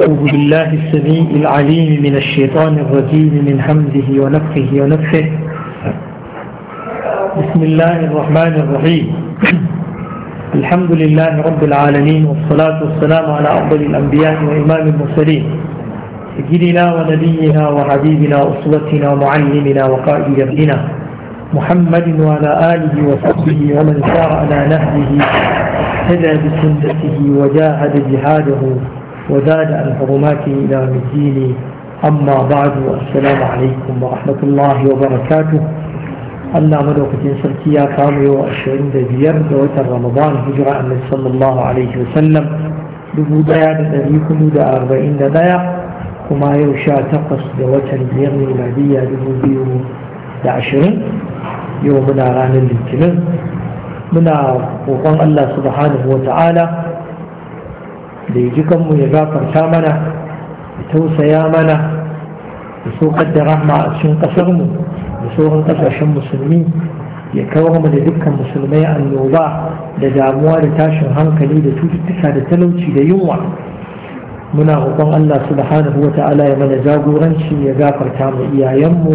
أعوذ بالله السميع العليم من الشيطان الرجيم من حمده ونفخه ونفخه بسم الله الرحمن الرحيم الحمد لله رب العالمين والصلاة والسلام على أفضل الأنبياء وإمام المرسلين سيدنا ونبينا وحبيبنا وأسوتنا ومعلمنا وقائد جبهنا محمد وعلى آله وصحبه ومن سار على نهجه اهتدى بسنته وجاهد جهاده وزاد عن حرماته إلى يوم الدين أما بعد السلام عليكم ورحمة الله وبركاته Allah madaukakin sarki ya kamo yau ashirin da biyar da watan Ramadan hijira annabi sallallahu alaihi wasallam dubu daya da dari hudu da arba'in da daya kuma yau sha takwas da watan biyar dubu biyu da ashirin yau muna ranar litinin muna roƙon Allah subhanahu wa ta'ala da ya ya gafarta mana ya tausaya mana ya saukar da rahma a cikin ƙasarmu da sauran ƙasashen musulmi ya kawar mu da dukkan musulmai annoba da damuwa da tashin hankali da cututtuka da talauci da yunwa muna roƙon Allah subhanahu wa ta'ala ya mana jagoranci ya gafarta mu iyayenmu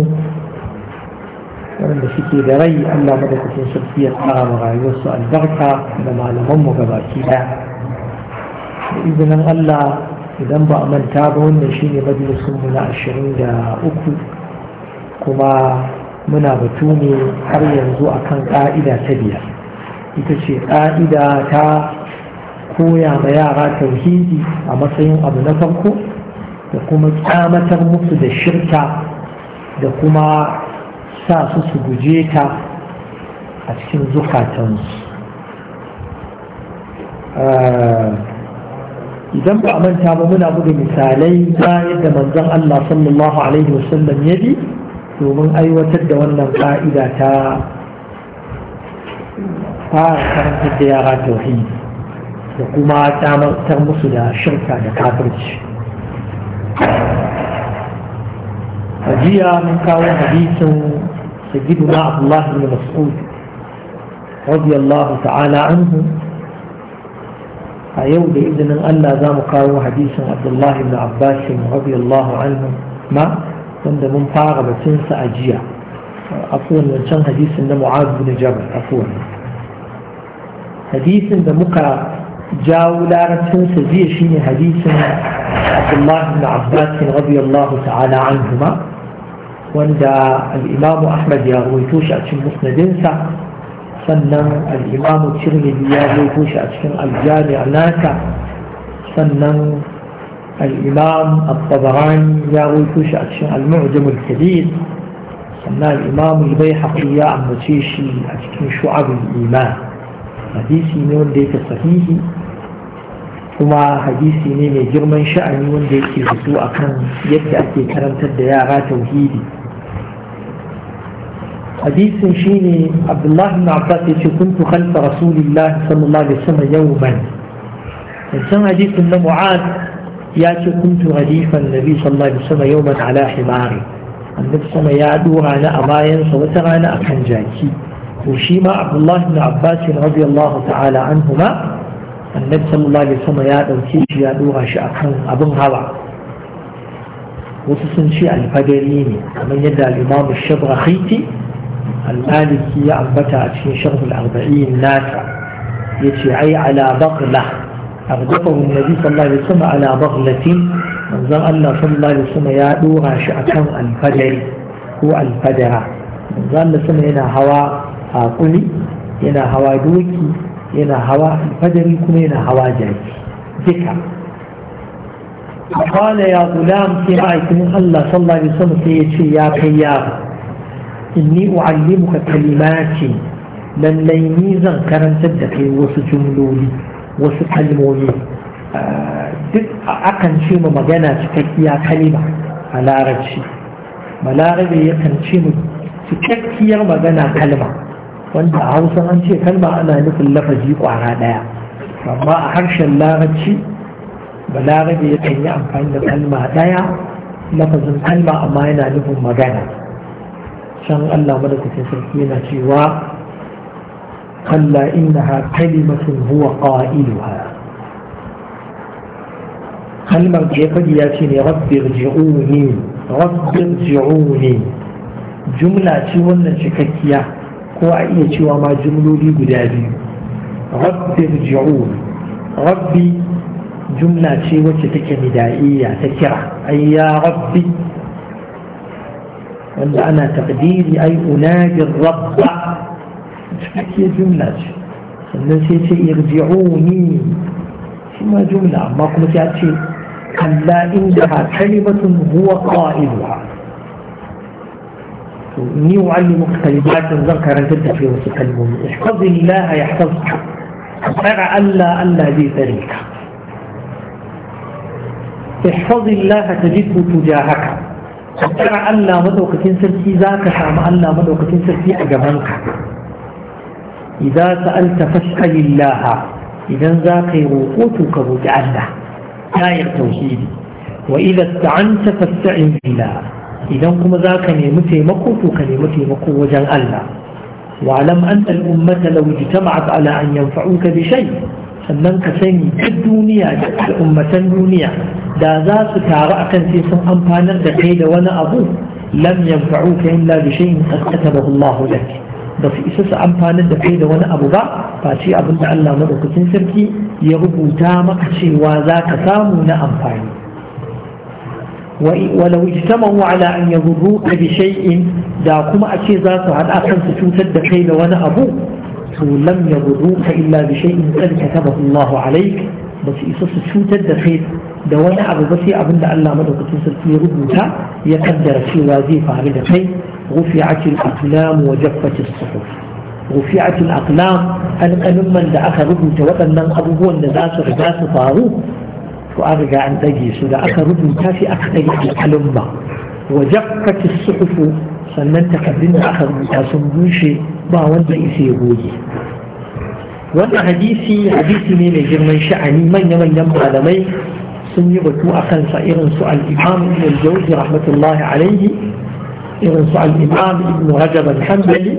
wanda suke da rai Allah madaukakin sarki ya tsara rayuwarsu albarka da malamanmu gabaki ɗaya izinin Allah idan ba a manta ba wannan shine majalisun mu na uku kuma muna batu ne har yanzu akan ka'ida ta biyar ita ce ka'ida ta koya ma yara tauhidi a matsayin abu na farko da kuma kyamatar musu da shirka da kuma sa su su guje ta a cikin zukatansu ah, idan ba a manta ba muna buga misalai ta yadda manzon Allah sallallahu alaihi wasallam ya bi domin aiwatar da wannan ka'ida ta fara karantar da yara tauhidi da kuma tsamantar musu da shirka da kafirci hajiya mun kawo hadisin sayyiduna abdullahi bin mas'ud radiyallahu ta'ala anhu a yau da izinin Allah za mu kawo hadisin Abdullahi ibn Abbas radiyallahu anhu ma wanda mun fara batun sa a jiya afuwan can hadisin na Mu'adh ibn Jabal afuwan hadisin da muka jawo larabcin sa jiya shine hadisin Abdullahi ibn Abbas radiyallahu ta'ala anhu ma wanda al-Imam Ahmad ya rawaito shi a cikin musnadinsa sannan al’imamu tirmidhi ya zo shi a cikin aljami a sannan al’imam abubuwan ya zo shi a cikin al’ujimul kadir sannan al’imamu bai haƙi ya ambace shi a cikin shu'abul iman hadisi ne wanda yake sahihi kuma hadisi ne mai girman sha'ani wanda yake zuwa akan yadda ake karantar da yara tauhidi. yara حديث شيني عبد الله بن عباس كنت خلف رسول الله صلى الله عليه وسلم يوما كان حديث ان معاذ ياتي كنت رديف النبي صلى الله عليه وسلم يوما على حماري النبي صلى الله عليه وسلم يعدو على أباين وترانا أكن جاكي وشيما عبد الله بن عباس رضي الله تعالى عنهما النبي صلى الله عليه وسلم يعدو كيش يعدو عشاء أكن أبن هوا وسسنشي الفدريني كمن يدى الإمام الشبرخيتي al ya ambata a cikin sharhul arba'in ya yace ai ala baqla ardafahu nabi sallallahu alaihi wasallam ala manzon Allah sallallahu alaihi wasallam ya dora shi akan alfajari ko alfajara manzon Allah sallallahu yana hawa hakuri yana hawa doki yana hawa alfajari kuma yana hawa jaki duka ya يا غلام في رأيك من الله صلى الله ya ce ya kai خيار inni u'allimuka kalimati lallai ni zan karantar da kai wasu jumloli wasu kalmomi ah, duk akan ce mu magana cikakkiya kalima a larabci balarabe kan ce mu cikakkiyar magana kalma wanda a hausa an ce kalma ana nufin lafazi kwara daya amma a harshen larabci balarabe yakan yi amfani da kalma daya lafazin kalma amma yana nufin magana can Allah madaukakin sarki yana cewa kalla innaha kalimatun huwa qailuha kalmar da ya fadi ya ce ne rabbir ji'uni rabbir ji'uni jumla ce wannan cikakkiya ko a iya cewa ma jumloli guda biyu rabbir ji'uni rabbi jumla ce wacce take nida'iyya ta kira ai rabbi ولا أنا تقديري أي انادي الرب هي جملة الناس شيء يرجعوني شو ما جملة ما قلت يا شيء ألا إنها كلمة هو قائلها ني أعلمك كلمات ذكر جدا في وسط المؤمن احفظ الله يحفظك فرع ألا ألا ذي ذريك احفظ الله تجده تجاهك tattara Allah madaukakin sarki za ka samu Allah madaukakin sarki a gabanka idan sa'alta fas'alillaha idan za ka yi roƙo to ka roƙi Allah ayar tauhidi wa idan ta'anta fas'in billah idan kuma za ka nemi taimako to ka nemi taimako wajen Allah wa'lam anna al-ummata law ijtama'at ala an yanfa'uka bi shay sannan ka sani duk duniya da al'ummatan duniya da za su taru akan sai sun amfanar da kai da wani abu lam yanfa'uka illa bi shay'in qad katabahu Allah lak ba su isa su amfanar da kai da wani abu ba face abin da Allah madaukakin sarki ya rubuta maka cewa za ka samu na amfani ولو اجتمعوا على أن يضروك بشيء دا كما أشي ذات عن أخر ستوتر دخيل وانا أبو لم يضروك إلا بشيء قد كتبه الله عليك ba su isa su cutar da kai da wani abu ba sai abin da Allah madaukakin sarki ya rubuta ya kaddara cewa zai faru da kai rufi'at al-aqlam wa jaffat suhuf rufi'at al-aqlam alqalamman da aka rubuta waɗannan abubuwan da za su riga su faru to an riga an dage su da aka rubuta shi aka dage ba, wa jaffat suhuf sannan takardun da aka rubuta sun bushe ba wanda isa ya goge wannan hadisi hadisi ne mai girman sha'ani manya-manyan malamai sun yi batu a kansa irin su al'imam ibn jawzi rahmatullahi alaihi irin su al'imam ibn rajab al-hanbali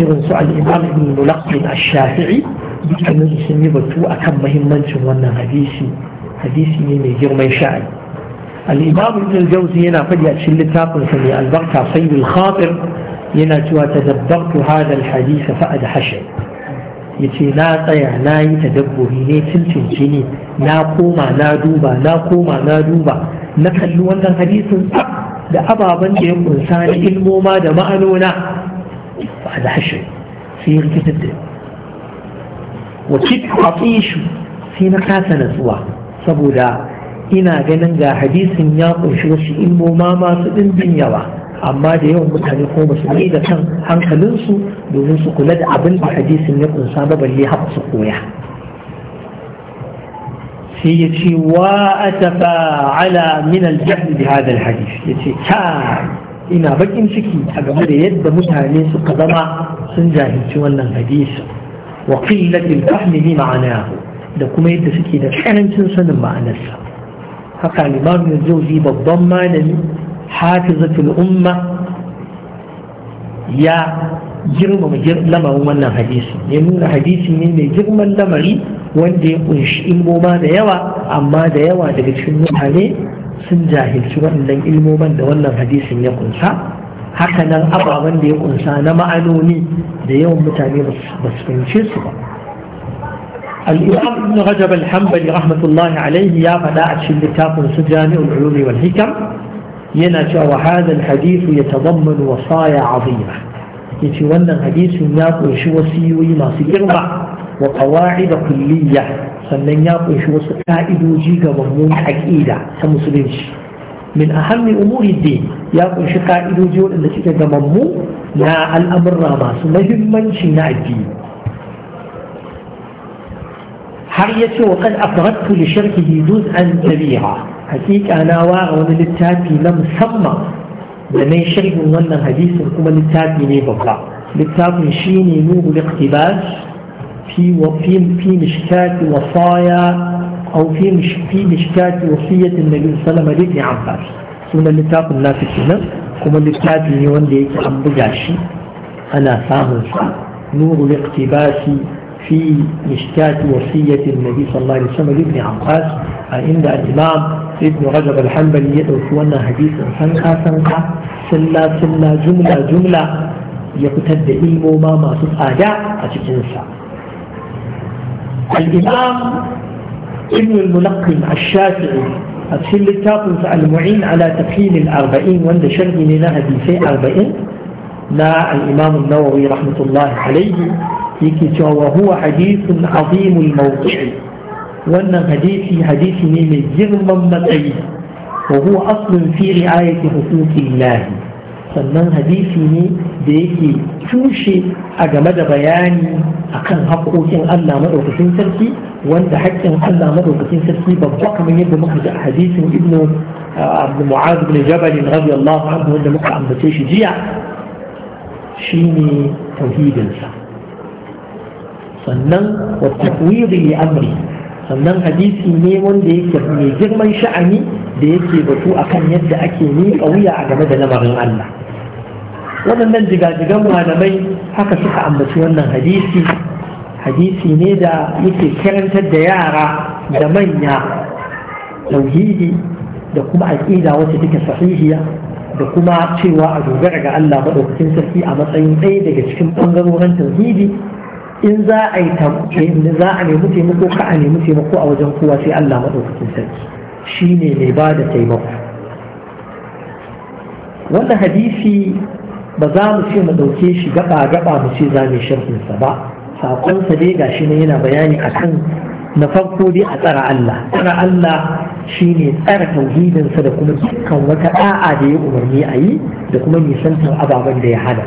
irin su al'imam ibn mulaqin ash-shafi'i dukkanin su sun yi batu a kan mahimmancin wannan hadisi hadisi ne mai girman sha'ani al'imam ibn jawzi yana fadi a cikin littafin littafinsa mai albarka sayyidul khatir yana cewa tadabbartu hadha al-hadith fa adhashu ya ce na tsaya na yi ta dabbobi ne cincinci ne na koma na duba na koma na duba na kalli wannan hadisin da ababen da ya kunsa na ilmoma da ma'anona ba da hashe sai rikitar da wakil kwatsishu sai na kasa natsuwa saboda ina ganin ga hadisin ya kunshi wasu ilmoma masu ɗimbin yawa amma da yawan mutane ko ba su da kan hankalinsu domin su kula da abin da hadisin ya kunsa ba balle har su koya sai ya ce wa atafa ala min aljahl bi hada alhadith yace ta ina bakin ciki a game da yadda mutane suka zama sun jahilci wannan hadisi wa qillatil fahmi bi ma'anahu da kuma yadda suke da karancin sanin ma'anarsa haka limamin jauzi babban malami hafizatul umma ya girmama lamarin wannan hadisi ya nuna hadisi ne mai girman lamari wanda ya kunshi ilmoma da yawa amma da yawa daga cikin mutane sun jahilci waɗannan ilmoman da wannan hadisin ya kunsa hakanan ababen da ya kunsa na ma'anoni da yawan mutane ba su fahimce su ba al'imam ibn rajab al-hanbali rahmatullahi alaihi ya faɗa a cikin littafin su jami'ul ulumi wal hikam ينشأ وهذا الحديث يتضمن وصايا عظيمة يتولى الحديث يناقل شو سيوي ما سيرمع وقواعد كلية سنن يناقل شو سقائد وجيغ ومون حكيدة كمسلمش من أهم أمور الدين يناقل شو قائد وجيغ التي تجممو لا الأمر ما سمهم من شناء الدين حريته وقد أفردت لشركه جزءا كبيرا حقيقه انا ware wani littafi لم musamman من na من wannan hadisin kuma littafi ne babba littafin shi ne nuhu في وفي في مشكات وصايا أو في في مشكات وصية النبي صلى الله عليه وسلم لابن عباس ثم لتاق الناس كنا كما لتاق يوان ديك ابو جاشي أنا فاهم نور الاقتباس في مشكات وصية النبي صلى الله عليه وسلم لابن عباس عند الإمام ابن رجب الحنبلي يدوكونا حديث سنقا سنقا سلا سلا جملة جملة يقتد علمه ما ما تتعجى أتكنسا الإمام ابن الملقن الشافعي أتسل التابوس المعين على تقييم الأربعين وان شرق لنا حديثي أربعين لا الإمام النووي رحمة الله عليه يكتوى وهو حديث عظيم الموقع wannan hadisi hadisi ne mai girman matsayi wa huwa aslun fi ri'ayati huquqillah sannan hadisi ne da yake tushe a game da bayani akan haƙoƙin Allah madaukakin sarki wanda haƙƙin Allah madaukakin sarki babba kamar yadda muka ji a hadisin Ibn uh, Mu'adh ibn Jabal radiyallahu anhu wanda muka ambace shi jiya shine tauhidinsa sannan wa tafwidi li amri sannan hadisi ne wanda yake mai girman sha'ani da yake batu akan yadda ake a wuya a game da lamarin Allah waɗannan jigajigan malamai haka suka ambaci wannan hadisi hadisi ne da yake karantar da yara da manya tauhidi da kuma aƙida wacce take sahihiya da kuma cewa a dogara ga Allah maɗaukacin sarki a matsayin ɗaya daga cikin ɓangarorin tauhidi in za a yi za a nemi taimako ka a nemi taimako a wajen kowa sai Allah maɗaukakin sarki shi ne mai ba da taimako wannan hadisi ba za mu ce mu ɗauke shi gaba-gaba mu ce za mu ba saƙonsa dai ga shi ne yana bayani akan na farko dai a tsara Allah tsara Allah shi ne tsara tauhidinsa da kuma dukkan wata ɗa'a da ya umarni a yi da kuma nisantar ababen da ya hada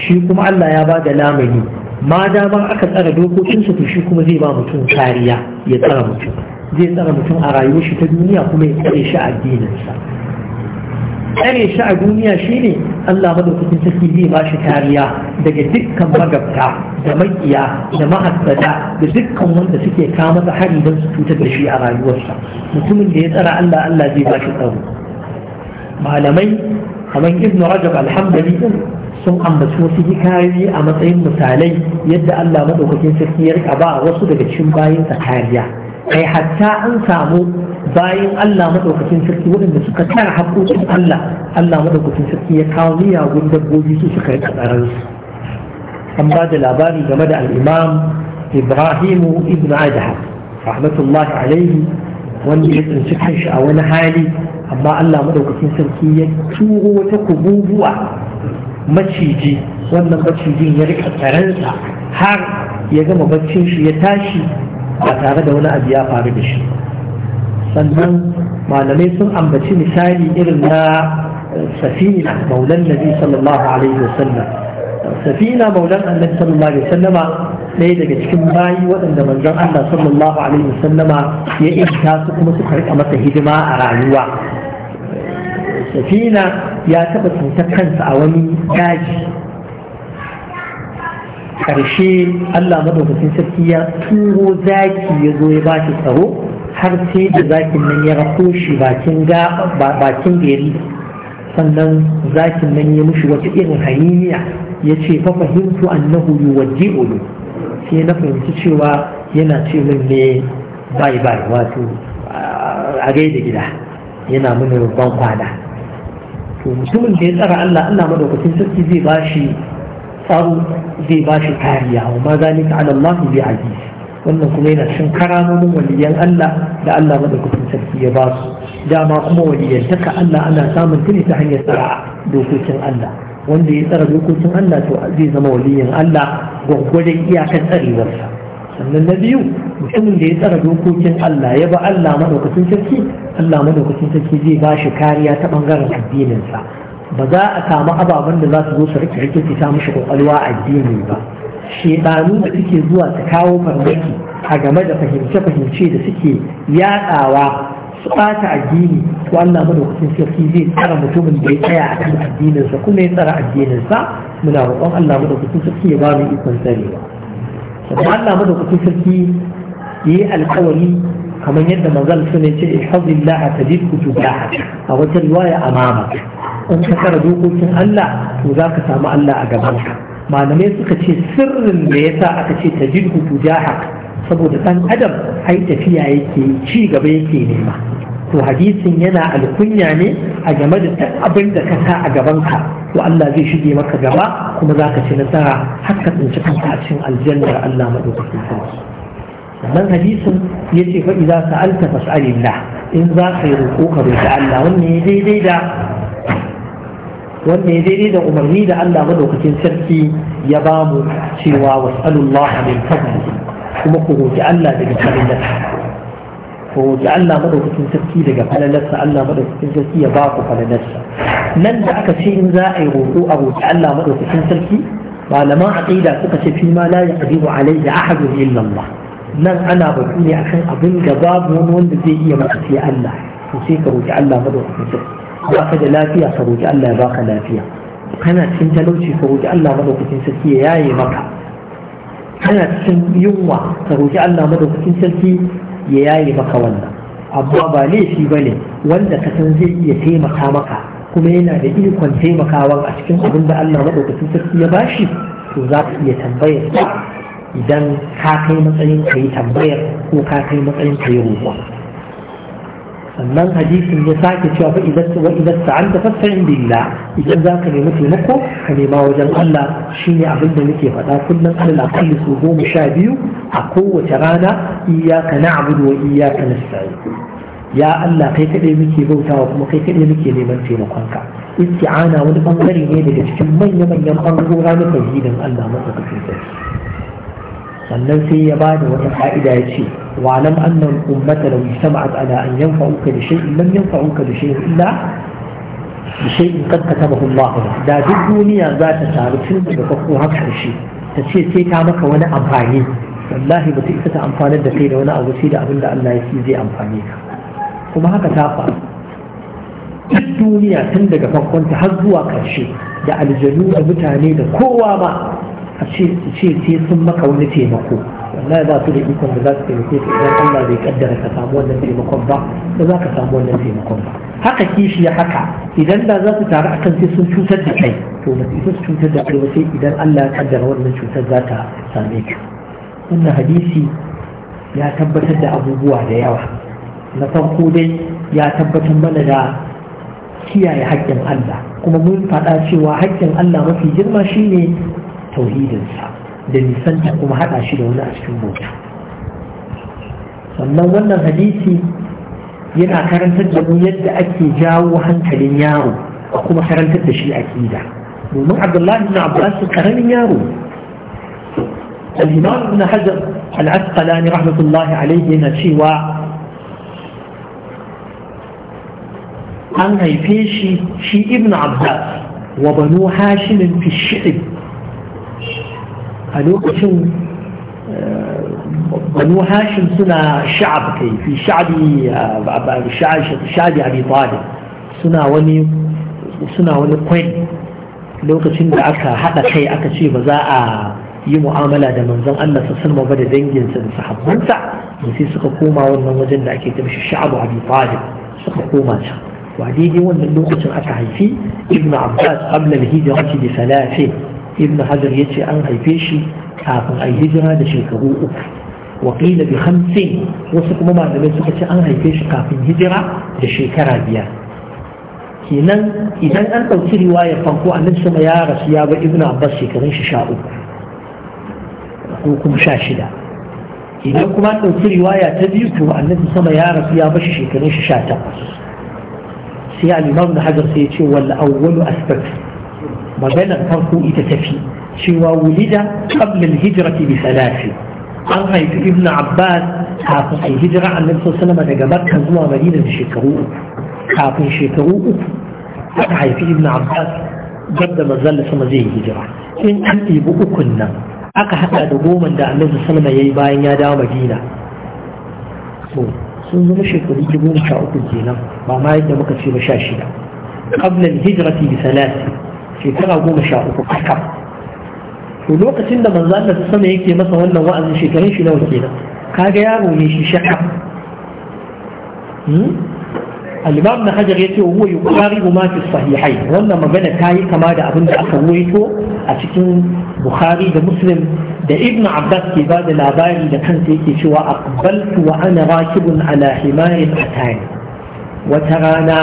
shi kuma Allah ya ba da lamani ma dama aka tsara dokokinsa to shi kuma zai ba mutum kariya ya tsara mutum zai tsara mutum a rayuwar shi ta duniya kuma ya tsare shi a addininsa tsare shi a duniya shine Allah madaukakin sarki zai ba shi kariya daga dukkan magabta da maƙiya da mahassada da dukkan wanda suke kama da hari don su cutar da shi a rayuwarsa mutumin da ya tsara Allah Allah zai ba shi tsaro malamai kamar ibnu rajab alhamdulillah sun ambaci wasu hikayoyi a matsayin misalai yadda Allah maɗaukacin sarki ya rika ba wasu daga cikin bayinsa kariya kai hatta an samu bayan Allah maɗaukacin sarki waɗanda suka tara haƙoƙin Allah Allah maɗaukacin sarki ya kawo miyagun dabbobi su suka rika tsaron an ba da labari game da al'imam Ibrahimu ibn Adha rahmatullahi alaihi wanda ya tsinci kanshi a wani hali amma Allah maɗaukacin sarki ya turo wata kububuwa maciji wannan macijin ya rika taransa har ya gama baccin shi ya tashi ba tare da wani abu ya faru da shi sannan malamai sun ambaci misali irin na eh, safina maulan nabi sallallahu alaihi wasallam safina maulan annabi sallallahu alaihi wasallama ɗaya daga cikin bayi waɗanda manzon Allah sallallahu alaihi wasallama ya isa su kuma su karɓa masa hidima a rayuwa safina ya taɓa cutar kansa a wani daji ƙarshe Allah madaukakin sarki ya turo zaki ya zo ya ba shi tsaro har sai da zakin nan ya rako shi bakin gari sannan zakin nan ya mushi wata irin haniniya ya ce fa fahimtu annahu Olu? sai na fahimci cewa yana ce min ne bai bai wato a gaida gida yana mini babban kwana to mutumin da ya tsara Allah Allah madaukakin sarki zai bashi tsaro zai bashi kariya wa ma zalika ala Allah bi aziz wannan kuma yana cikin karamomin waliyan Allah da Allah madaukakin sarki ya ba su dama kuma waliyantaka Allah ana samun tuni ta hanyar tsara dokokin Allah wanda ya tsara dokokin Allah to zai zama waliyan Allah gwaggwadon iyakar tsarewarsa sannan na biyu mutumin da ya tsara dokokin Allah ya ba Allah madaukakin sarki Allah madaukakin sarki zai ba shi kariya ta bangaren addininsa ba za a samu ababen da za su zo su rike rike fita mishi kwakwalwa addini ba shedanu da suke zuwa su kawo farmaki a game da fahimce-fahimce da suke yadawa su ɓata addini to Allah madaukakin sarki zai tsara mutumin da ya tsaya a kan addininsa kuma ya tsara addininsa muna roƙon Allah madaukakin sarki ya ba mu ikon tsarewa sannan Allah madaukakin sarki yi alkawari kamar yadda manzal su ne ce ihfazillah tajidku tubaha a wata riwaya amama in ka kara dokokin Allah to za ka samu Allah a ka. malamai suka ce sirrin da yasa aka ce tajidku tubaha saboda ɗan adam ai tafiya yake ci gaba yake nema to hadisin yana alkunya ne a game da abin da ka sa a gabanka to Allah zai shige maka gaba kuma za ka ci nasara har ka tsinci kanka a cikin aljannar Allah madaukakin sarki Wannan hadisin ya ce fa idza sa'alta fas'alillah in za ka yi roƙo ka roƙi Allah wanne ya daidai da ya daidai da umarni da Allah madaukakin sarki ya ba mu cewa was'alullaha min fadli kuma ku roƙi Allah daga farin فوج الله مدوكتين سبكي لك فلا لسا الله مدوكتين سبكي يباقوا فلا لسا من دعك شيء ذا أي روحو أبو الله مدوكتين سبكي قال ما عقيدة سكت فيما لا يقدر عليه أحد إلا الله من أنا بكوني أخي أبن جباب ونون بزي هي مسكي الله وسيك روجع الله مدوكتين سبكي باقي لا فيها فروج الله باقي لا فيها kana cikin talauci ka roƙi Allah madaukakin sarki ya yaye maka kana cikin yunwa ka roƙi Allah madaukakin sarki ya yaye maka wannan amma ba laifi ba ne wanda ka san zai iya taimaka maka kuma yana da ikon taimakawa a cikin abin da Allah maɗaukacin sarki ya bashi to za ka iya tambayar idan ka kai matsayin ka yi tambayar ko ka kai matsayin ka yi roƙon sannan hadisin ya sake cewa fa idan wa idan sa'anta fasta'in billah idan zaka nemi taimako ka nema wajen Allah shine abin da nake faɗa kullum Allah kullu su goma sha biyu a kowace rana iyyaka na'budu wa iyyaka nasta'in ya Allah kai kaɗai muke bautawa kuma kai kaɗai muke neman taimakonka isti'ana wani bangare ne daga cikin manya-manyan bangarorin tauhidin Allah masa kafin sarki sannan sai ya ba da wata fa'ida ya ce wa'alam annan ummata da a tsada an yanfa'uka da shay'in Nan yanfa'uka da shay'in illa da shay'in kad katabahu Allah da duk duniya za ta taru tun daga farko har karshe ta ce sai ta maka wani amfani wallahi ba ta isa ta amfanar da kai da wani abu sai da abin da Allah ya ci zai amfane ka kuma haka ta faru duk duniya tun daga farkonta har zuwa karshe da aljanu da mutane da kowa ba a ce sai sun maka wani taimako Wannan ba su da ikon da za su taimake ka idan Allah bai kaddara ka samu wannan taimakon ba ba za ka samu wannan taimakon ba haka kishi ya haka idan da za su taru akan sai sun cutar da kai to ba su su cutar da kai sai idan Allah ya kaddara wannan cutar za ta same ka wannan hadisi ya tabbatar da abubuwa da yawa na farko dai ya tabbatar mana da kiyaye haƙƙin Allah kuma mun faɗa cewa haƙƙin Allah mafi girma shine tauhidinsa da nisanta kuma haɗa shi da wani a cikin bauta sannan wannan hadisi yana karantar da mu yadda ake jawo hankalin yaro a kuma karantar da shi aƙida domin abdullahi ibn abbas karamin yaro al-imam ibn hajar al-asqalani rahmatullahi alayhi yana cewa an haife shi shi ibn abbas wa banu hashimin fi shi'ib a lokacin eh, banu hashim suna sha'ab kai fi sha'abi eh, abi talib suna wani suna wani lokacin da aka haɗa kai aka ce ba za a yi mu'amala da manzon Allah sassan ba da danginsa da sahabbansa da sai suka koma wannan wajen da ake kamshi sha'abu abi talib suka koma can wa daidai wannan lokacin aka haifi ibnu abbas qabla al-hijrati bi salatin ابن حجر يتي أن هيفيشي كافن أي هجرة لشيكهو أك وقيل بخمسين وصف ممان لما يتي أن هيفيشي كافن هجرة لشيكرة بيا كينا إذن أن توتي رواية فانقو أن نفس ما يارس يا ابن عباس كذن ششاء أك وكم شاشدة إذن كما توتي رواية تبيكو أن نفس ما يارس يا بشي كذن ششاء تقص سيالي مرن حجر سيتي والأول أسبكت maganar farko ita tafi cewa wulida qabla al-hijrati bi salasi an haifi Ibn abbas kafin a hijira annabi sallallahu alaihi daga makka zuwa madina da shekaru uku kafin shekaru uku aka haifi Ibn abbas gadda da sama zai yi hijira in an ɗibi ukun nan aka haɗa da goma da annabi sallallahu alaihi yi bayan ya dawo madina sun zama shekaru goma sha uku kenan ba ma yadda muka ce ba sha shida qabla al-hijrati bi salasi shekara goma sha uku kakaf to lokacin da manzo Allah ta sama yake masa wannan wa'azin shekarun shi nawa kenan kaga yaro ne shi shakaf hmm? al-imam na hajar yace huwa yuqaribu ma fi sahihain wannan magana tayi kama da abin da aka ruwaito a cikin bukhari da muslim da ibn abbas ke bada labari da kansa yake cewa aqbaltu wa ana rakibun ala a atani wata rana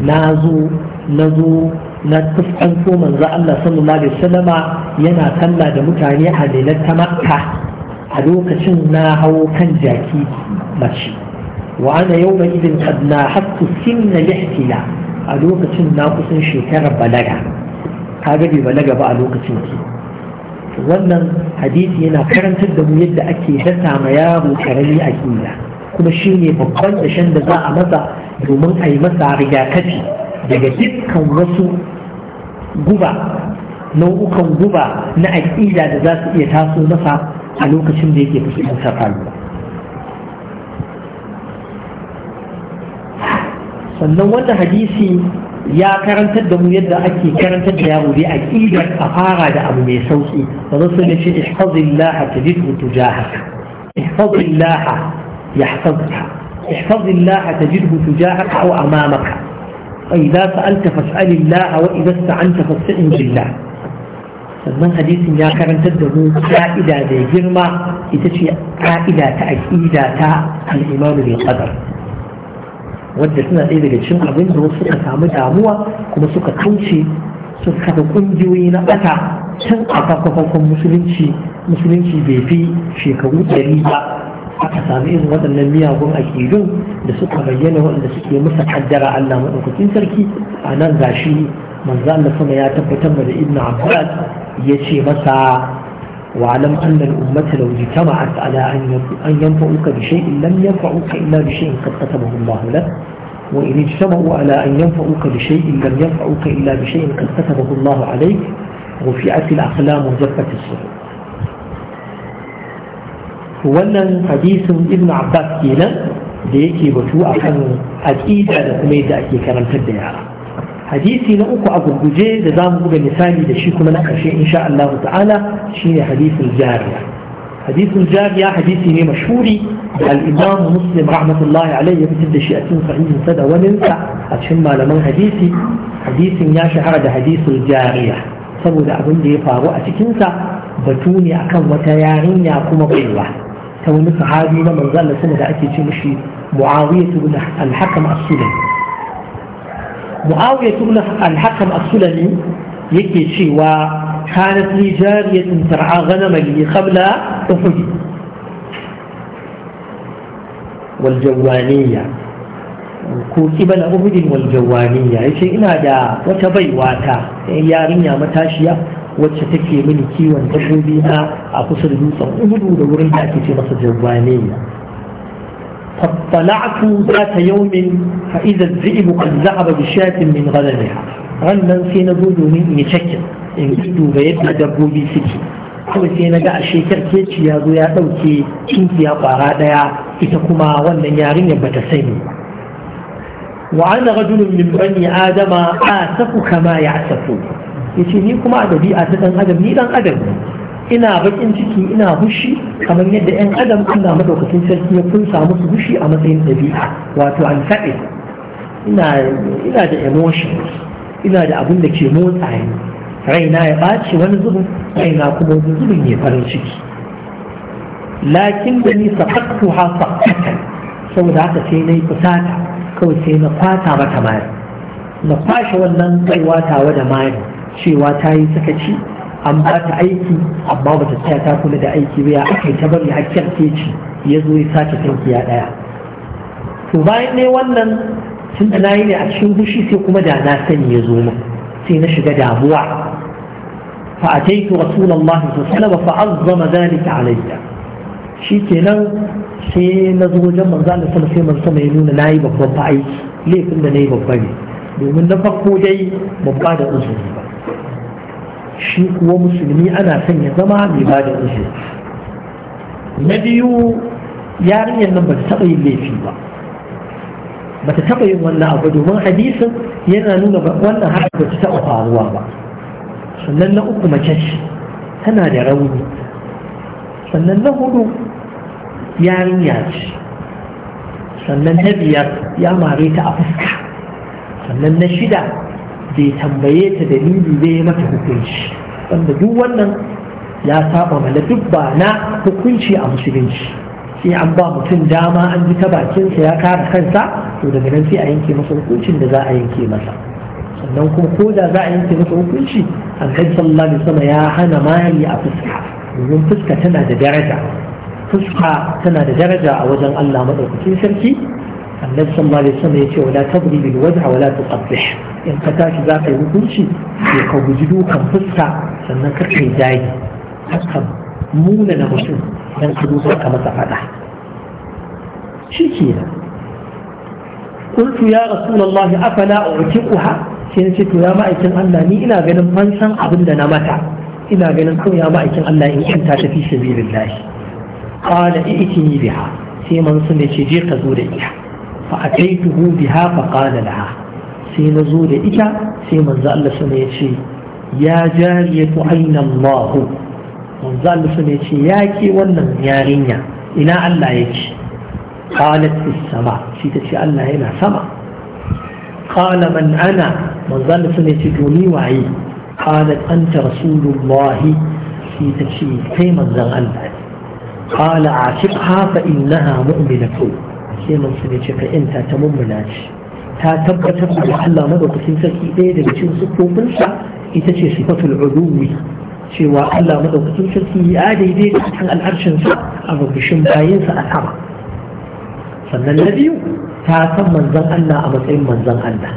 na zo na zo na fuskanto manzo Allah sallallahu alaihi wasallama yana sallah da mutane a lailar ta makka a lokacin na hawo kan jaki mace wa ana yawma idin qad nahattu sinna lihtila a lokacin na kusan shekarar balaga ka bai balaga ba a lokacin ki wannan hadisi yana karantar da mu yadda ake dasa ma yaro karami akida kuma shine babban dashen da za a masa domin a yi masa rigakafi daga dukkan wasu guba nau'ukan guba na aƙida da za su iya taso masa a lokacin da yake fuskantar rayuwa sannan wanda hadisi ya karantar da mu yadda ake karantar da yaro dai aqidar a fara da abu mai sauki Laha ta manzo sun ce ihfazillah tajidhu tujahaka ihfazillah yahfazka ihfazillah tajidhu tujahaka aw amamaka فإذا سألت فاسأل الله وإذا استعنت فاستعن بالله sannan hadisin ya karantar da mu ka'ida da girma ita ce ka'ida ta aƙida ta al-imam bil qadar wadda suna ɗaya daga cikin abin da wasu suka samu damuwa kuma suka kauce su kafa kungiyoyi na ɓata tun a farko musulunci musulunci bai fi shekaru ɗari ba aka sami irin waɗannan miyagun akidu da suka bayyana waɗanda suke masa kaddara Allah maɗaukakin sarki a nan gashi manzo Allah sama ya tabbatar da Ibn Abbas ya ce masa واعلم أن الأمة لو اجتمعت على أن ينفعوك بشيء لم ينفعوك إلا بشيء قد كتبه الله لك وإن اجتمعوا على أن ينفعوك بشيء لم ينفعوك إلا بشيء قد كتبه الله عليك رفعت الأقلام وزفت الصدور wannan hadisin ibn abbas kenan da yake batu a kan aƙida da kuma yadda ake karantar da yara hadisi na uku a gurguje da za mu buga misali da shi kuma na ƙarshe insha Allah ta'ala shine hadisin jariya hadisin jariya hadisi ne mashuri da al-imam muslim rahmatullahi alaihi ya fitar da shi a cikin sahihin sa da waninsa a cikin malaman hadisi hadisin ya shahara da hadisin jariya saboda abin da ya faru a cikinsa batu ne akan wata yarinya kuma baiwa ta wani sahabi na manzan da suna da ake ce mashi mu'awiyatu ibn al-hakam as-sulami mu'awiyatu ibn al-hakam as-sulami yake cewa كانت لي جارية ترعى غنما لي قبل أحد والجوانية كوكبل أحد والجوانية يشي إنا دا وتبيواتا يارين yarinya matashiya. wacce take mini kiwon dabbobi a a kusa da dutsen ugu da wurin da ake ce masa jawane ya fattala'atu zata yaumin fa idza dhi'bu qad dhahaba bi shatin min ghadabiha wannan sai na zo domin in cece in duba yadda dabbobi suke kuma sai na ga ashe karkeci ya zo ya ɗauke, tsintiya kwara ɗaya, ita kuma wannan yarinya bata sani a رجل من بني آدم آسف كما يعسف yace ni kuma a ɗabi'a ta dan adam ni dan adam ina bakin ciki ina hushi kamar yadda yan adam Allah madaukakin sarki ya samu musu hushi a matsayin dabi'a wato an ina da emotion ina da abin da ke motsa ni raina ya ɓaci wani zubin raina kuma wani zubin ya farin ciki lakin da ni safattu ha sakatan saboda haka sai na yi kusata kawai sai na kwata mata mari na kwashe wannan tsaiwa tawa da mari cewa ta yi sakaci an ba ta aiki amma ba ta tsaya ta kula da aiki ba ya aka ta bari hakkar keci ya zo ya sace tankiya ɗaya to bayan ne wannan tun da na yi ne a cikin gushi sai kuma da na sani ya zo min sai na shiga damuwa فأتيت رسول الله صلى الله عليه وسلم فعظم ذلك علي shi kenan sai na zo wajen manzo Allah sallallahu alaihi wasallam ya nuna nayi babban aiki laifin da nayi babba ne domin na farko dai babba da uzuri ba shi kuwa musulmi ana son ya zama mai ba da na biyu yarinyar nan ba ta taɓa yin laifi ba ba ta taɓa yin wannan abu domin hadisin yana nuna wannan haka ba ta taɓa faruwa ba sannan na uku mace ce tana da rauni sannan na hudu yarinya ce sannan na biyar ya mare ta a fuska sannan na shida bai tambaye ta dalili zai mata hukunci wanda duk wannan ya saba mana duk ba na hukunci a musulunci sai an ba mutum dama an ji ta bakinsa ya kare kansa to daga nan sai a yanke masa hukuncin da za a yanke masa sannan kuma ko da za a yanke masa hukunci kai sallallahu alaihi ya hana mali a fuska domin fuska tana da daraja fuska tana da daraja a wajen Allah madaukakin sarki annabi sallallahu alaihi wasallam yace wala tabri bil wajha wala tuqabbih in ka tashi za ka yi hukunci ya ka guji dukan fuska sannan kar kai zagi haka muna na mutum dan ka duka ka masa fada shi ke قلت يا رسول الله أفلا أعتقها سينسيت يا مائكين الله ني إنا غنم من سن أبن دنا متى إنا غنم كو يا مائكين الله إن كنت في سبيل الله قال ائتني بها je ka zo da ita. فأتيته بها فقال لها سين زول إتا سيما زال سنيتي يا جارية أين الله من زال سنيتي ياكي ونن يارينيا إلى الله يكي قالت في السماء سيتتي الله إلى سماء قال من أنا من زال سنيتي دوني وعي قالت أنت رسول الله سيتتي كيما زال الله قال عاشقها فإنها مؤمنة statement su ne ce ta mummuna ce ta tabbatar da Allah madaukakin sarki ɗaya daga cikin siffofinsa ita ce sifatul uluwi cewa Allah madaukakin sarki ya daidai da kan al'arshinsa a rubushin bayansa a sama sannan na biyu ta san manzan Allah a matsayin manzan Allah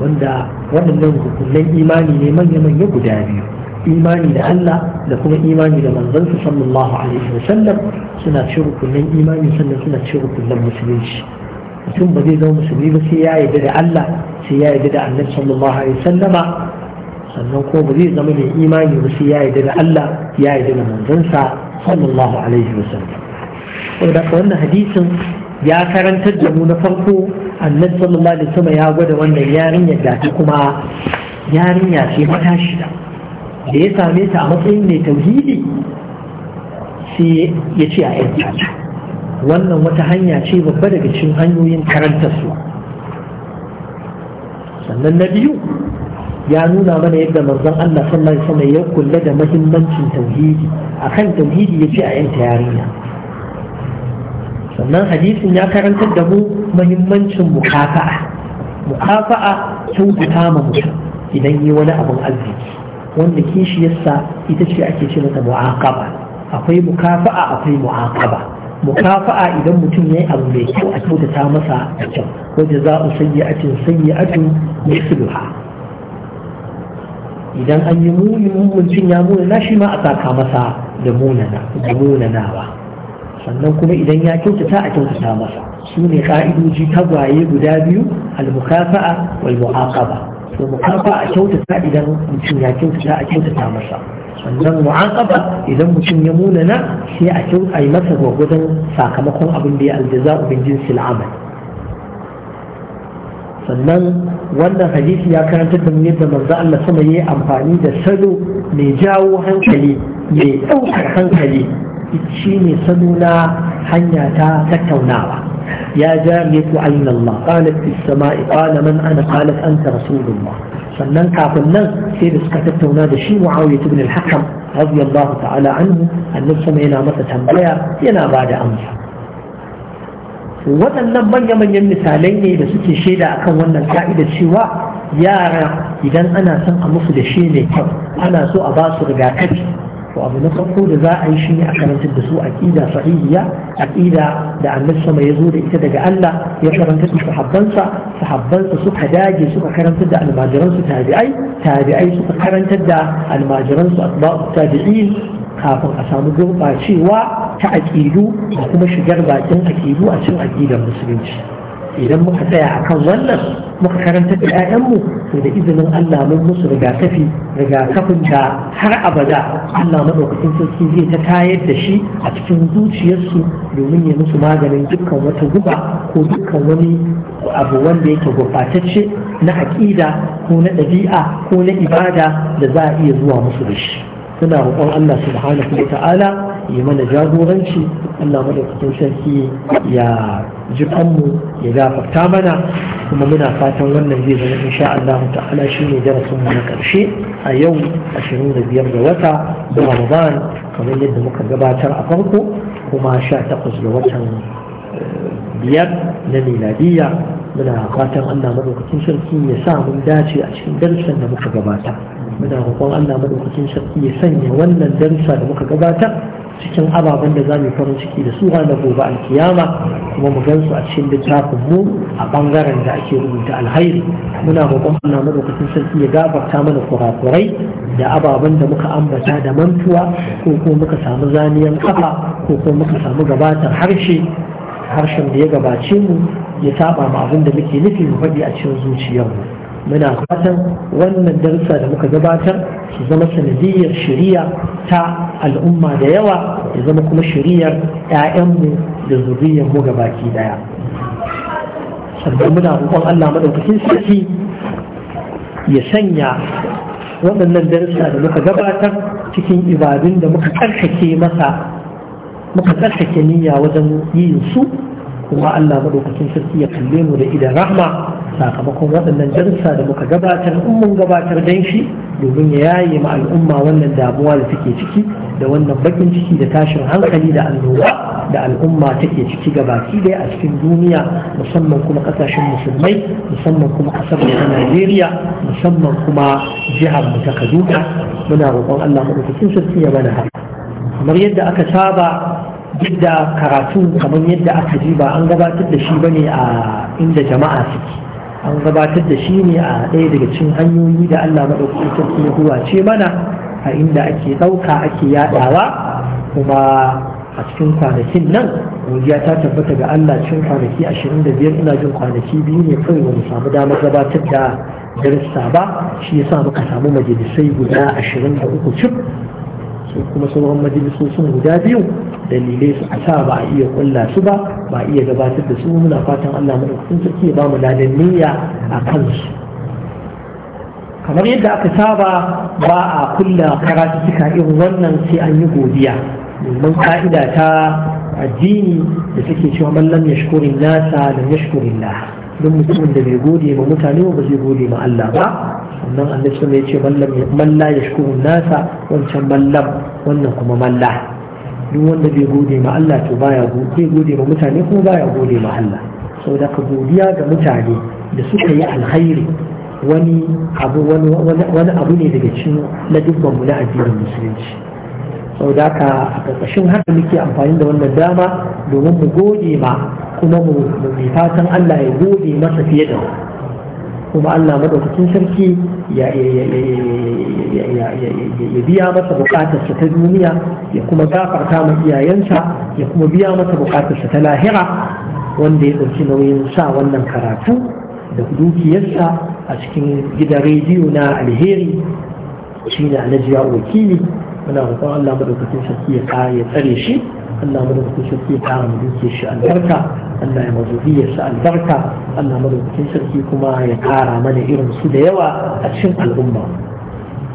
wanda waɗannan hukunan imani ne manya-manya guda biyu imani da Allah da kuma imani da manzansa sallallahu alaihi sallam. suna ci rukunin imani sannan suna ci rukunin musulunci mutum ba zai zama musulmi ba sai ya yarda da Allah sai ya yarda da annabi sallallahu alaihi wasallama sannan ko ba zai zama mai imani ba sai ya yarda da Allah ya yarda da manzansa sallallahu alaihi wasallam saboda ka wannan hadisin ya karantar da mu na farko annabi sallallahu alaihi wasallam ya gwada wannan yarinyar da ta kuma yarinya ce matashi shida da ya same ta a matsayin mai tauhidi sai ya ce a yanta wannan wata hanya ce babba daga cikin hanyoyin karanta su sannan na biyu ya nuna mana yadda manzon Allah sallallahu alaihi wasallam ya kula da mahimmancin tauhidi akan tauhidi ya ce a yanta yarinya sannan hadisin ya karantar da mu mahimmancin mukafa'a mukafa'a kyautata ma mutum idan yi wani abin arziki wanda kishi yasa ita ce ake ce mata mu'aqaba akwai mukafa'a akwai mu'aqaba mukafa'a idan mutum yayi abu mai kyau a kyautata masa da kyau wa jaza'u sayyi'atin sayyi'atun misluha idan an yi muni mutum ya muna na shi ma a saka masa da munana da munanawa sannan kuma idan ya kyautata a kyautata masa su ne ka'idoji tagwaye guda biyu al-mukafa'a wal mu'aqaba to mukafa'a kyautata idan mutum ya kyautata a kyautata masa sannan mu'aqaba idan mutum ya munana sai a kyau a yi masa gwagwadon sakamakon abin da ya aljaza ubin jinsil sannan wannan hadisi ya karanta da mu yadda manzo Allah sama yayi amfani da salo mai jawo hankali mai ɗaukar hankali shi ne salo na hanya ta tattaunawa ya jami'u ayyana Allah qalat fis sama'i qala man ana qalat anta rasulullah sannan kafin nan sai da suka tattauna da shi mu'awiyah ibn al-hakam radiyallahu ta'ala anhu annabi sama yana masa tambaya yana ba da amsa waɗannan manya-manyan misalai ne da suke shaida akan wannan ka'idar cewa yara idan ana son a musu da shi ne kyau ana so a ba su rigakafi to abu na farko da za a yi shi ne a karantar da su aqida sahihiya aqida da annabi sama ya zo da ita daga Allah ya karantar su sahabbansa sahabbansa suka dage suka karantar da almajiransu tabi'ai tabi'ai suka karantar da almajiransu atba'u tabi'in kafin a samu gurɓacewa ta aƙidu da kuma shigar bakin aƙidu a cikin aƙidar musulunci idan muka tsaya a kan wannan muka karanta da 'ya'yanmu to da izinin Allah mun musu rigakafi rigakafin da har abada Allah madaukakin sarki zai ta tayar da shi a cikin zuciyarsu domin ya musu maganin dukkan wata guba ko dukkan wani abu wanda yake gurbatacce na aƙida ko na ɗabi'a ko na ibada da za a iya zuwa musu da shi suna roƙon Allah subhanahu wa ta'ala yi mana jagoranci Allah maɗaukacin sarki ya ji mu ya gafarta mana kuma muna fatan wannan zai zama insha Allah ta'ala shine darasin mu na karshe a yau 25 ga wata da Ramadan kamar yadda muka gabatar a farko kuma 18 ga watan eh, biyar na miladiyya muna fatan Allah maɗaukacin sarki ya sa mun dace a cikin darussan da muka gabata muna roƙon Allah maɗaukacin sarki ya sanya wannan darussa da muka gabata. cikin ababen da za mu farin ciki da su ranar gobe alkiyama kuma mu gan su a cikin littafin mu a bangaren da ake rubuta alhairi muna roƙon Allah madaukakin sarki ya gafarta mana kurakurai da ababen da muka ambata da mantuwa ko ko muka samu zaniyan kafa ko ko muka samu gabatar harshe harshen da ya gabace mu ya saba ma abin da muke nufi mu faɗi a cikin zuciyarmu muna fatan wannan darussa da muka gabatar su zama sanadiyyar shari'a ta al'umma da yawa ya zama kuma shari'ar 'ya'yanmu da zuriyarmu baki daya sannan muna roƙon Allah maɗaukakin sarki ya sanya waɗannan darussa da muka gabatar cikin ibadun da muka tsarkake masa muka tsarkake niyya wajen yin su kuma Allah maɗaukacin sarki ya kalle mu da idan rahma sakamakon waɗannan darussa da muka gabatar in mun gabatar dan shi domin ya yaye ma al'umma wannan damuwa da take ciki da wannan bakin ciki da tashin hankali da annoba da al'umma take ciki gabaki ɗaya a cikin duniya musamman kuma ƙasashen musulmai musamman kuma ƙasar mu ta Najeriya musamman kuma jihar mu ta Kaduna muna roƙon Allah madaukakin sarki ya bana haka kamar yadda aka saba duk da karatu kamar yadda aka ji ba an gabatar da shi bane a inda jama'a suke an gabatar da shi ne a ɗaya daga cin hanyoyi da Allah maɗaukakin sarki ya huwace mana a inda ake ɗauka ake yaɗawa kuma a cikin kwanakin nan godiya ta tabbata ga Allah cikin kwanaki 25 ina jin kwanaki biyu ne kawai mu samu damar gabatar da darussa ba shi yasa muka samu majalisai guda 23 cikin su kuma sauran majalisosin guda biyu dalilai su a sa ba a iya kulla su ba ba a iya gabatar da su muna fatan Allah mu sun sarki ba mu ladan niyya a kansu kamar yadda aka saba ba a kulla karatuttuka irin wannan sai an yi godiya domin ka'ida ta addini da take cewa mallam yashkurin nasa da yashkurin don mutumin da bai gode ma mutane ba zai gode ma Allah ba sannan annabi sun ya ce malla ya shukuru nasa wancan mallam wannan kuma malla duk wanda bai gode ma Allah to baya bai gode ma mutane ko baya gode ma Allah saboda ka godiya ga mutane da suka yi alkhairi wani abu wani abu ne daga cikin ladubban mu na addinin musulunci saboda ka a ƙarƙashin haka muke amfani da wannan dama domin mu gode ma kuma mu fatan Allah ya gode masa fiye da kuma Allah madaukakin sarki ya biya masa bukatarsa ta duniya ya kuma gafarta ma iyayensa ya kuma biya masa bukatarsa ta lahira wanda ya ɗauki nauyin sa wannan karatu da dukiyarsa a cikin gidan rediyo na alheri shi ne alajiya wakili muna roƙon Allah madaukakin sarki ya tsare shi Allah madaukakin sarki ya kara mu duke shi albarka Allah ya mazuriyar shi albarka Allah madaukakin sarki kuma ya kara mana irin su da yawa a cikin al'umma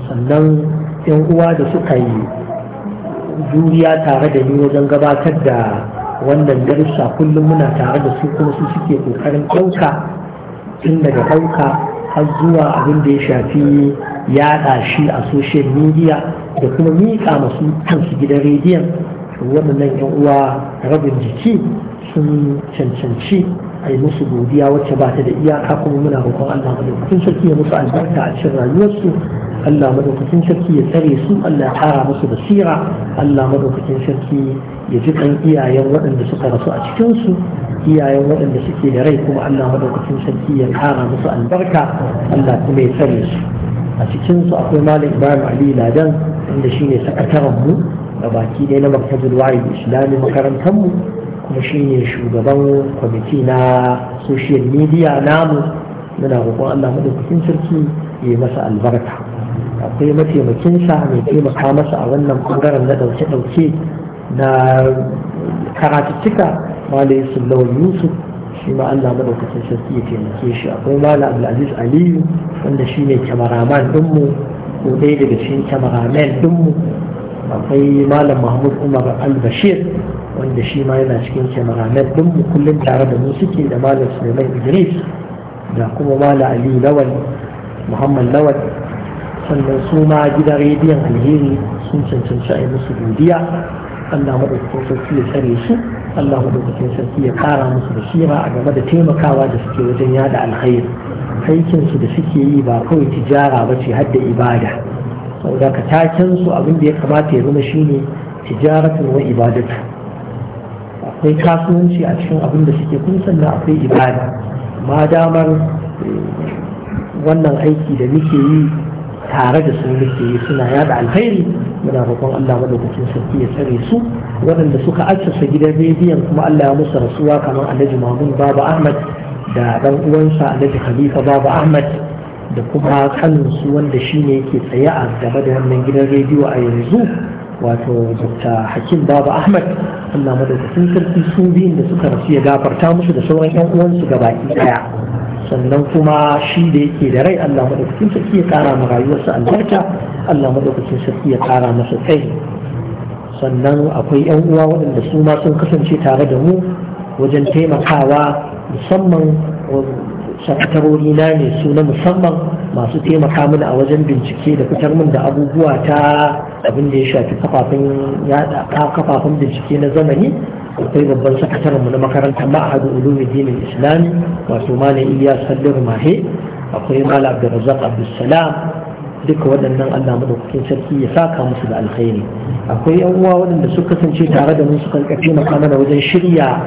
sannan yan uwa da suka yi juriya tare da ni wajen gabatar da wannan darussa kullum muna tare da su kuma su suke kokarin ɗauka tun daga ɗauka har zuwa abin da ya shafi yaɗa shi a social media da kuma miƙa masu kansu gidan rediyon waɗannan yan uwa rabin jiki sun cancanci a yi musu godiya wacce ba ta da iyaka kuma muna roƙon Allah madaukakin sarki ya musu albarka a cikin rayuwarsu Allah madaukakin sarki ya tsare su Allah ya tara musu basira Allah madaukakin sarki ya ji kan iyayen waɗanda suka rasu a cikin su iyayen waɗanda suke da rai kuma Allah madaukakin sarki ya tara musu albarka Allah kuma ya tsare su a cikin su akwai malam Ibrahim Ali Ladan inda shine sakataren mu a baki ɗaya na maktabul wa'id islami makarantarmu kuma shi ne shugaban kwamiti na social media namu muna roƙon allah maɗaukakin sarki ya yi masa albarka akwai mataimakinsa mai taimaka masa a wannan ɓangaren na ɗauke-ɗauke na karatuttuka malayi sullawar yusuf shi ma allah maɗaukakin sarki ya taimake shi akwai mala abdulaziz aliyu wanda shi ne kyamaraman ɗinmu ko ɗaya daga cikin kyamaramen ɗinmu akwai malam mahmud umar al-bashir wanda shi ma yana cikin kyamara din mu kullum tare da mu suke da malam suleiman idris da kuma malam ali lawal muhammad lawal sannan su ma gidan rediyon alheri sun cancanci a yi musu godiya allah maɗaukakin sarki ya tsare su allah maɗaukakin sarki ya ƙara musu basira a game da taimakawa da suke wajen yada alkhairi aikinsu da suke yi ba kawai tijara ba ce har da ibada saboda ka taken su abin da ya kamata ya zama shine tijaratun wa ibadatu akwai kasuwanci a cikin abin da suke kun na akwai ibada ma damar eh, wannan aiki da muke yi tare da su muke yi suna yada alkhairi muna roƙon Allah madaukakin sarki ya tsare su waɗanda suka accasa gidan rediyon kuma Allah ya musu rasuwa kamar Alhaji Mamun Baba Ahmad da ɗan uwansa Alhaji Khalifa Baba Ahmad da kuma kaninsu wanda shi ne ke tsaye a gaba da hannun gidan rediyo a yanzu wato dr hakim baba ahmad allah madaukakin sarki su biyun da suka rasu ya gafarta musu da sauran yan uwansu baki daya sannan kuma shi da yake da rai allah madaukakin sarki ya kara ma rayuwarsa albarka allah madaukakin sarki ya kara masa tsayi sannan akwai yan uwa waɗanda su ma sun kasance tare da mu wajen taimakawa musamman sakatarori na ne su na musamman masu taimaka mini a wajen bincike da fitar min da abubuwa ta abin da ya shafi kafafen bincike na zamani akwai babban sakataren mu na makarantar ma'adu ulumi dinin islami wato malam iya sallar mahe akwai malam abdulrazak abdulsalam duka waɗannan allah madaukakin sarki ya saka musu da alkhairi akwai yan uwa waɗanda suka kasance tare da mu suka karkace mana wajen shirya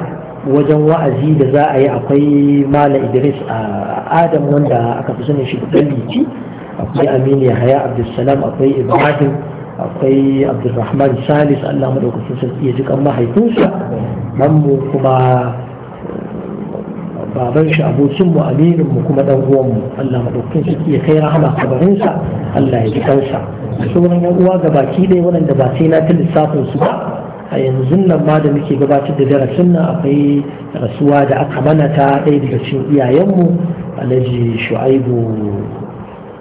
wajen wa'azi da za a yi akwai mala idris a adam wanda aka fi sanin shi da lici akwai aminu yahaya abdulsalam akwai ibrahim akwai abdulrahman salis allah madaukakin sarki ya ji kan mahaifinsa mu kuma eh, baban shi abokin mu aminin mu kuma dan uwan mu allah madaukakin sarki ya kai rahama kabarinsa allah ya ji kansa sauran yan uwa ga baki ɗaya waɗanda ba sai na ta lissafin su ba a yanzu nan ma da muke gabatar da darasin nan akwai rasuwa da aka mana ta ɗaya daga cikin iyayenmu alhaji shu'aibu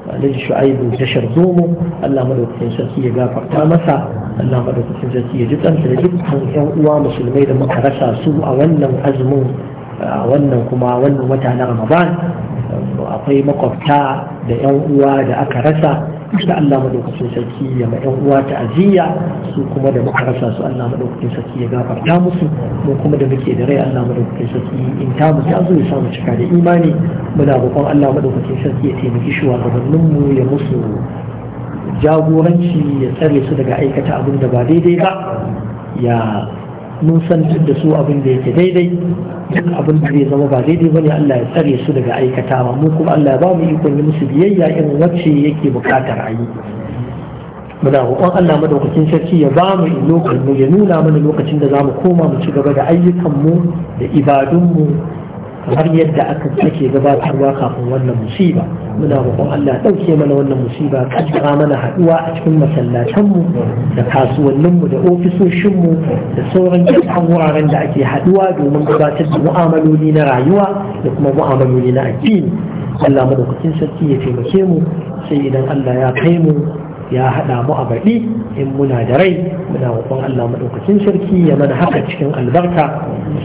alhaji shu'aibu tashar zomo allah madaukakin sarki ya gafarta masa allah madaukakin sarki ya ji kansa da dukkan yan uwa musulmai da muka rasa su a wannan azumin a wannan kuma wannan wata na ramadan akwai makwabta da yan uwa da aka rasa da Allah madaukakin sarki ya ma yan uwa ta ta'aziyya su kuma da muka rasa su Allah madaukakin sarki ya gafarta musu mu kuma da muke da rai Allah madaukakin sarki in ta mu ta zo ya samu cika da imani muna roƙon Allah madaukakin sarki ya taimaki shugabannin mu ya musu jagoranci ya tsare su daga aikata abin da ba daidai ba ya mun san da su abin da yake daidai duk abin da zai zama ba daidai bane Allah ya tsare su daga aikatawa mu kuma Allah ya ba mu ikon yi musu biyayya irin wacce yake bukatar ayi muna roƙon Allah madaukakin sarki ya ba mu lokacin mu ya nuna mana lokacin da za mu koma mu ci gaba da ayyukan mu da ibadun mu kamar yadda aka take gabatarwa kafin wannan musiba muna roƙon Allah ɗauke mana wannan musiba kaddara mana haɗuwa a cikin masallatanmu da kasuwanninmu da ofisoshinmu da sauran yankan wuraren da ake haɗuwa domin gabatar da mu'amaloli na rayuwa da kuma mu'amaloli na addini Allah madaukakin sarki ya taimake mu sai idan Allah ya kai mu ya haɗa mu a baɗi in muna da rai muna roƙon Allah maɗaukacin sarki ya mana haka cikin albarka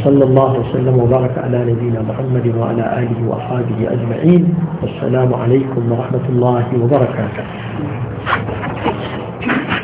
sallallahu alaihi wa baraka ala nabiyina Muhammad wa ala alihi wa ashabihi ajma'in assalamu alaikum wa rahmatullahi wa barakatuh